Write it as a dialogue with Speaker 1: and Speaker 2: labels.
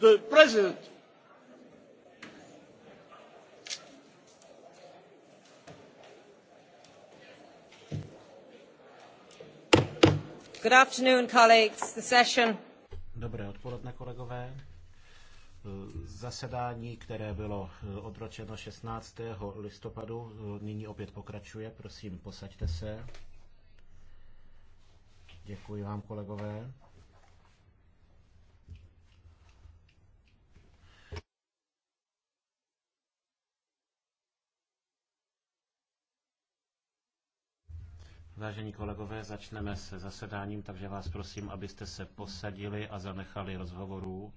Speaker 1: the president.
Speaker 2: Good afternoon,
Speaker 3: colleagues. The session.
Speaker 4: Dobré odpoledne, kolegové. Zasedání, které bylo odročeno 16. listopadu, nyní opět pokračuje. Prosím, posaďte se. Děkuji vám, kolegové.
Speaker 5: Vážení kolegové, začneme se zasedáním, takže vás prosím, abyste se posadili a zanechali rozhovorů.